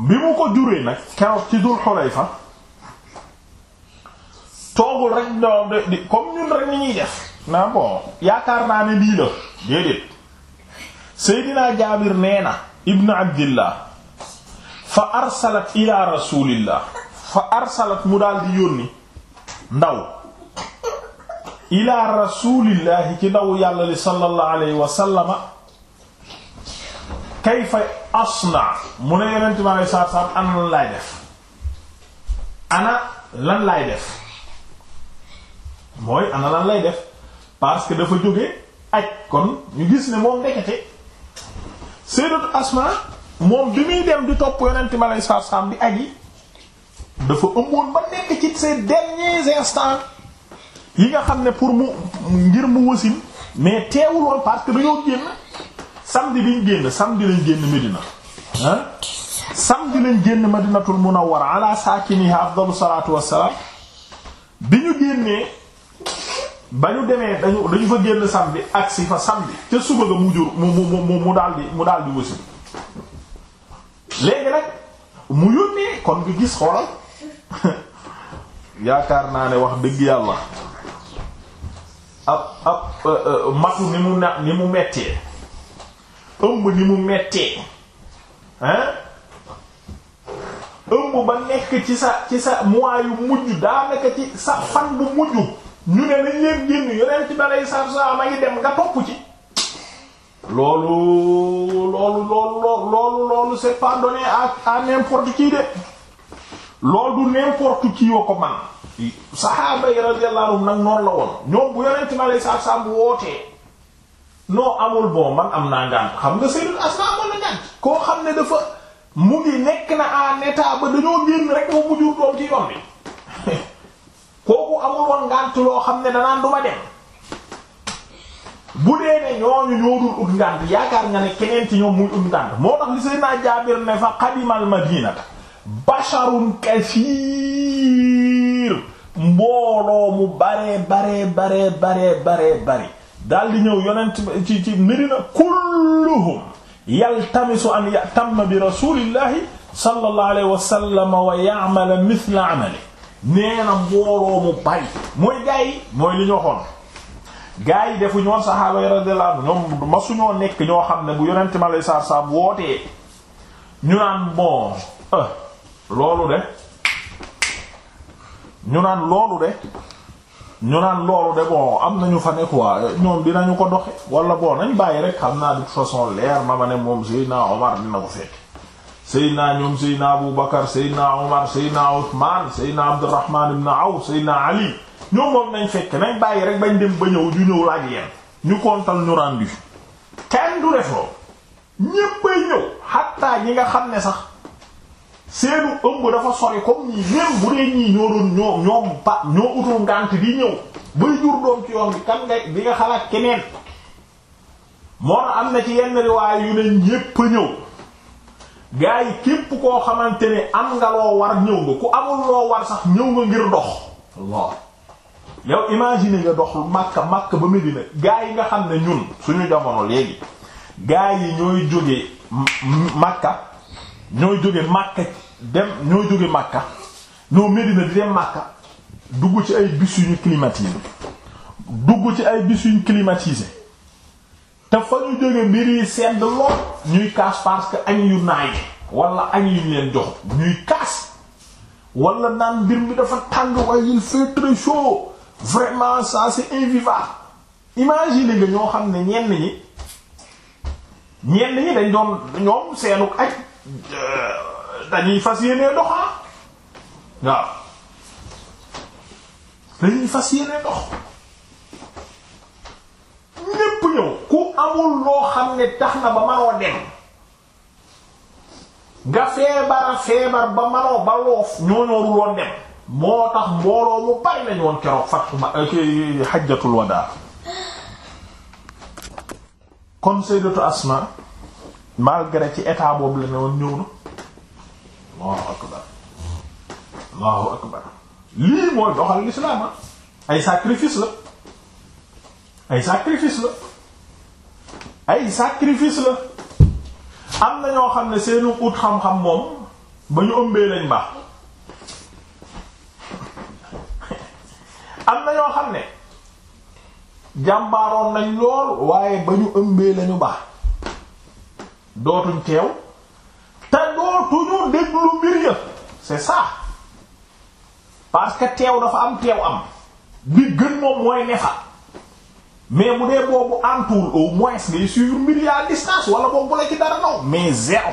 bi mu ko juree nag keroog ci dul xulayfa toogul rek doom de di ñun rek ni ñuy def naa bon yaakaar naa ne lii la déedéet seydinaa jaabir nee na abdillah fa arsalat ila rasulillah fa arsalat mu daal di yónni ndaw ila rasulillahi ci ndaw yàlla li sallallahu alayhi wa sallama asna mu ne yonent bi alei satu salaam ana lan laay def ana lan laay def mooy ana lan lay def parce que dafa jóge ak kon ñu gis ne moom ndekete sayyidatu asma moom bi muy dem di topp yonent bi alei satu salaam di aji dafa ëmboon ba nekk ci ces derniers instants yi nga xam ne pour mu ngir mu wasin mais teewuloon parce que dañoo génn samedi liñ génn samedi lañ génn Medina ah samedi lañ génn Madinatul Munawwara ala saakiniha afdalu salaatu wassalaam bi ñu génnee ba ñu demee dañu dañu fa génn samedi agsi fa samedi ca suba ga mu jur mu mu mu mu daal mu daal di léegi nag mu yónnee kon nga gis xoolal yaakaar naa ne wax dëgg yàlla ab ab euh, euh, matu ni mu na ni mu mettee ëmb ni mu mettee hein ëmb ba nekk ci sa ci sa mois yu mujj daanaka ci sa fan bu mujj ñu ne nañ leen génn yonent bi aleyhi salaatu salaam a ngi dem nga topp ci loolu loolu loolu loolu loolu c'est pas donné à à de loolu du n'importe qui yoo ko man saxaaba yi radiyallahu nag noonu la woon ñoom bu yonent bi aleyhi salaatu salaam wootee noo amul bon man am naa ngànt xam nga Sayyidul Asma amoon ngànt koo xam ne dafa mu ngi nekk na en état ba dañoo génn rek mu mujjul doom ci yoon kooku amul woon ngànt loo xam ne danaan du ma dem bu dee ne ñooñu ñoo dul ut ngànt yaakaar nga ne keneen ci ñoom muy ut ngànt moo tax li Sayyidina Jaabir ne fa qadimal madinata basharun kasiir mbooloo mu baree baree baree baree bare daal di ñëw yonent ci ci Medina kulluhum yaltamisu an yatamma bi rasulillahi sallallahu alayhi wa sallam mithla amali nee mbooloo mu bari mooy gaa mooy li ñu waxoon gaa yi defu ñoon sahaaba yi radiyallahu anhum nekk ñoo xam ne bu yonent ma lay saar saab wootee euh, ñu naan loolu de ñu loolu de ñu naan loolu de bon am nañu fa ne quoi ñoom dinañu ko doxe wala bon nañ bàyyi rek xam naa de façon leer ma ma ne moom Seydina Omar dina ko fekk Seydina ñoom Seydina Abu Bakar Seydina Omar Seydina Othman Seydina Abdurrahman ibn Awf Seydina Ali ñoom moom nañ fekk nañ bàyyi rek bañ dem ba ñëw du ñëw laaj yeen ñu kontal ñu rendu kenn du def ñéppay ñëw xatta ñi nga xam ne sax seenu ëmb dafa sori comme ñii même bu dee ñii ñoo doon ñoo ñoom ñoo utul ngànt di ñëw bay jur doom ci yoon bi kan nga di nga xalaat keneen moo am na ci yenn riwaay yu ne ñépp ñëw gaa yi képp koo xamante ne am nga loo war ñëw nga ku amul loo war sax ñëw nga ngir dox Allah imagine nga dox Makka Makka ba Medina gaa yi nga xam ne ñun suñu jamono léegi gaa yi ñooy jóge Makka ñooy jóge Makka dem ñooy jóge Makka ñoo Medina di dem Makka dugg ci ay bus yu ñu climatisé dugg ci ay bus yu ñu climatisé te fa ñu jóge mbir yi sedd lool ñuy kaas parce que añ yu naay wala añ yu ñu leen jox ñuy kaas wala naan mbir mi dafa tàng waaye il fait très vraiment ça c'est invivable imagine nga ñoo xam ne ñenn ñi ñenn ñi dañ doon ñoom seenuk aj Euh, dañuy fas yéenee dox ah. waaw dañuy fas yéenee dox ñépp ñëw ku amul loo xam ne tax na ba manoo dem nga feebara feebar ba manoo ba loof ñooñooru loon dem moo tax mbooloo mu bari lañu woon keroog fatuma xajjatul euh, wadaa kon sayyidatu Asma malgré ci etaa boobu la ne woon ñëw na allahu akbar allahu akbar lii mooy doxal l'islam ay sacrifice la ay sacrifice la ay sacrifice la am na ñoo xam ne seenu ut xam-xam moom ba ñu ëmbee lañ baax am na ñoo xam ne jàmbaaroon nañ lool waaye ba ñu ëmbee lañu baax dootuñ teew te dootuñu déglu mbir ya c'est ça parce que teew dafa am teew am bi gën moom mooy ne mais bu dee boobu entour au moins ngay suivre mbir ya à distance wala boobu la ci dara naw mais zéro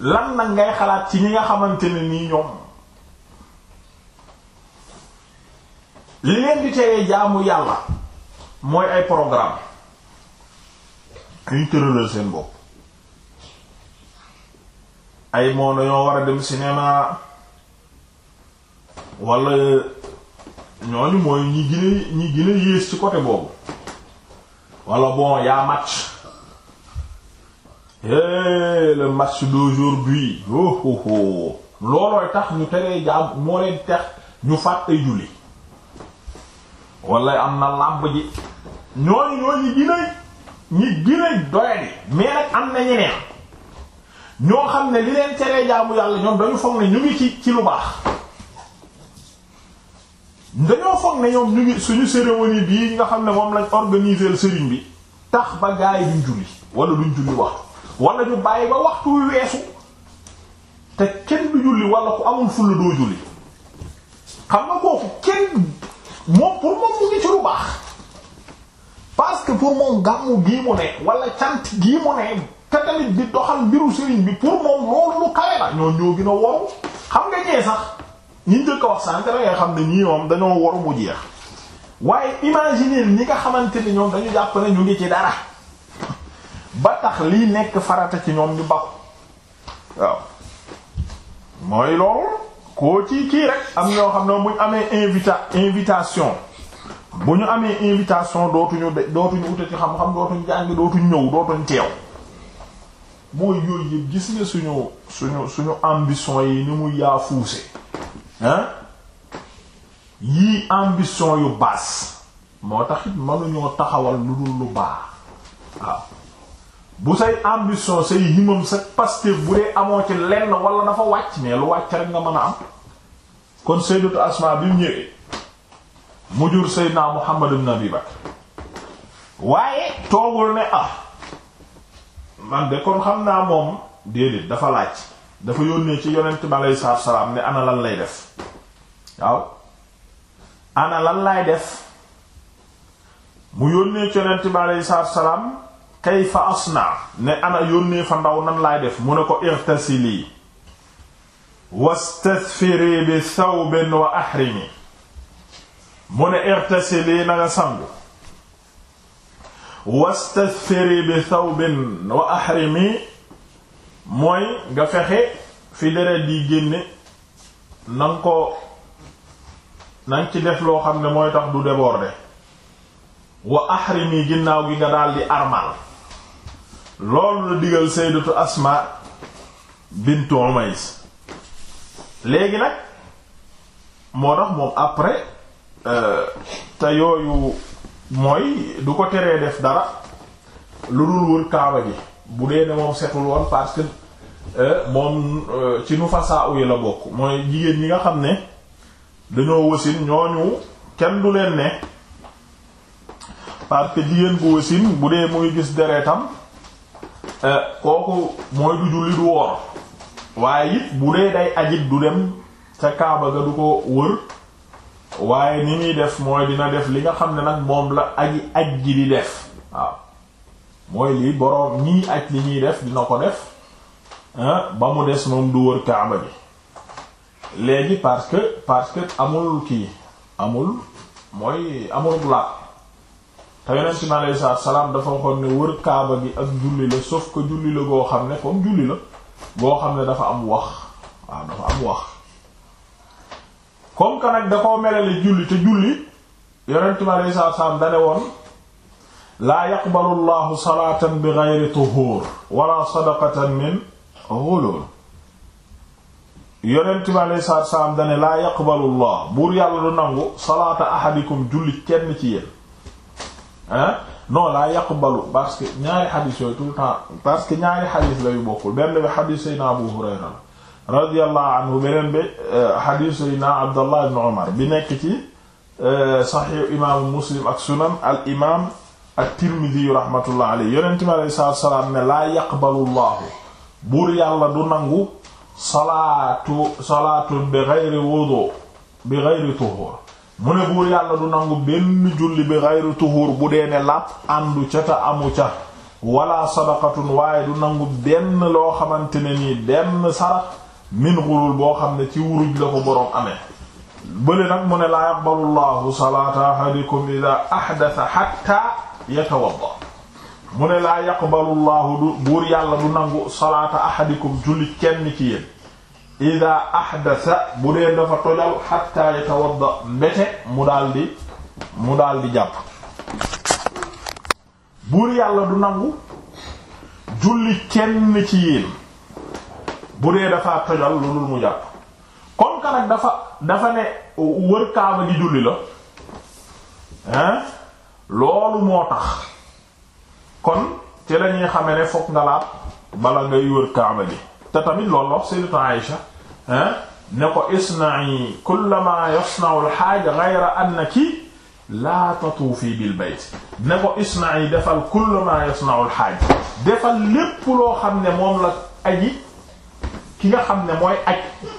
lan nag ngay xalaat ci ñi nga xamante ne nii ñoom li leen di teyee jaamu yàlla mooy ay programme ñuy tëralal seen bopp ay moo dañoo war a dem cinéma wala ñooñu mooy ñi gën ñi gën yées ci côté boobu wala bon yaa match é eh, le match d'aujourd'hui oh, oh oh loolooy tax ñu teree jaab moo leen tax ñu fàtte julli wala am na làmb ji ñooñu ñooñu gën a ñi gën a doyadi mais nag am na ñeneen ñoo xam ne li leen cere jaamu yàlla ñoom dañu foog ne ñu ngi ci ci lu baax dañoo foog ne ñoom ñu ngi suñu cérémonie bii nga xam ne moom lañ organiser sëriñ bi tax ba gaay duñ julli wala duñ julli waxtu wala ñu bàyyi ba waxtu weesu te kenn du julli wala ku amul fulla doo julli xam nga kooku kenn moom pour moom mu ci lu baax parce que pour moom gàmmu gii mu ne wala cant gii mu ne te tamit di doxal mbiru sëriñ bi pour moom loolu lu kawe la ñoo ñoo gën a woru xam nga ñee sax ñi njëkk a wax sànq da ngay xam ne ñii moom dañoo waru mu jeex waaye imaginer ñi nga xamante ni ñoom dañu jàpp ne ñu ngi ci dara ba tax lii nekk farata ci ñoom ñu bakku waaw mooy loolu koo ci kii rek am ñoo xam ne muñ amee invita invitation bu ñu amee invitation dootuñu de dootuñu wutati xam-xam dootuñu jàng dootuñ ñëw dootuñ teew mooy yooyu yëpp gis nga suñu suñu suñu ambition yi ni mu yaafuuse hein yii ambition yu baas moo taxit mënuñoo taxawal lu dul lu baax waaw bu say ambition say himam sa pasteur bu dee amoo ci lenn wala dafa wàcc mais lu wàcc rek nga mën a am kon Sayyidatu Asma bi mu ñëwee mu jur Seydina Muhammad ibn Abi Bakr waaye toogul ne ah man de kon xam naa moom déedéet dafa laaj dafa yónnee ci yonent bi aleyhi salaatu salaam ne ana lan lay def waaw ana lan laay def mu yónnee ci yonent bi aleyhi salaatu salaam kayfa asna ne ana yónnee fa ndaw nan laay def mu ne ko irtasili wastasfiri bi thawbin wa ahrimi mu ne irtasili na nga sangu wastasiri bi thawbin wa ahrimi mooy nga fexe fi deret di génne nan ko na ci def loo xam ne mooy tax du déborder wa ahrimi ginnaaw gi nga daal di armal loolu la digal sayyidatu asma bintu umays léegi nag moo tax moom après te yooyu mooy du ko teree def dara lu dul wër kaaba gi bu dee ne moom setul woon parce euh, moom euh, ci nu fasaa uyi la bokk mooy jigéen ñi nga xam ne dañoo wasin ñooñu kenn du leen ne parce que jigéen bu wasin bu dee muy gis deretam euh, kooku mooy du julli du woor waaye it bu dee day ajit du dem ca kaaba ga du ko wër waaye ni muy def mooy dina def li nga xam ne nag moom la aji aj ji di def waaw mooy lii boroom ñii aj li ñuy def dina ko def ba mu des moom du wër kaaba bi léegi parce que parce que amul kii amul mooy amul laab te yonent mi aleyhi salaatu salaam dafa waxoon ne wër kaaba gi ak julli la sauf que julli la goo xam ne comme julli la goo xam ne dafa am wax waaw dafa am wax comme que nag da koo melale julli te julli yonentu mi aleyi saatu salaam dane woon laa yaqbalu llahu salaatan bi geyri tuhur wala sadaqatan min ghulul yonent bi alei salaam dane laa yaqbalu llah buur yàlla du nangu salaata ahadikum julli kenn ci yéen ah laa yaqbalu parce ñaari xadis yooyu tout temps parce ñaari xadis layu bokkul benn bi xadis sayna Abu Hurayra radiyallahu anhu beneen bi xadiis euh, sayyidina Abdallah ibn Umar bi nekk ci euh, saxiix imaamu Muslim ak sunan al imaam at-Tirmidhi rahmatullah alayhi yonent bi alayhi salaatu ne laa yaqbalu llaahu buur yàlla du nangu salaatu salaatun bi ghayri wudu bi ghayri tuhur mu ne du nangu benn julli bi ghayri tuhur bu dee ne làpp àndu ca te amu ca wala sadaqatun waaye du nangu benn loo xamante ne nii min xulul boo xam ne ci wuruj la ko boroom amee bële nag mu ne laa yaqbalu llahu salaata ahadikum ida ahdatha hatta yatawadda mu ne laa yaqbalu llahu buur yàlla du nangu salaata ahadikum julli kenn ci yéen ida ahdasa bu dee dafa tojal hatta yatawadda mbete mu daal jàpp buur yàlla du nangu julli kenn ci yéen bu dee dafa tojal lu dul mu jàpp comme que nag dafa ne wër kaaba gi julli la hein loolu moo tax kon ci la ñuy ne fokk nga laab bala ngay wër kaaba gi te tamit loolu wax sayyidatu Aïsha hein ne ko isna'i kullama yasna'u al-haaja ghayra annaki laa tatuufi bil bayt ne ko isna'i defal kullama yasna'u al-haaja defal lépp loo xam ne moom la aji ki nga xam ne mooy aj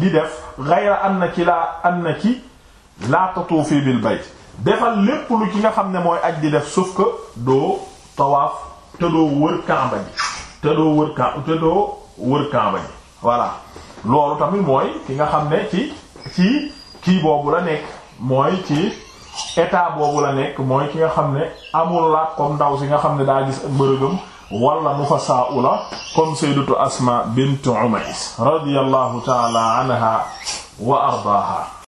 di def ghayra annaki la annaki la tatuufi bil bayt defal lépp lu ci nga xam ne mooy aj di def sauf que doo tawaaf te doo wër kaaba ji te doo wër ka te wër kaaba ji voilà loolu tamit mooy ki nga xam ne ci ci kii boobu la nekk mooy ci état boobu la nekk mooy ki nga xam ne amul laat comme ndaw si nga xam ne daa gis ak bërëgam wala nufasaaula comme sayyidatu asma bint umays radiyallahu ta'ala anha wa ardaaha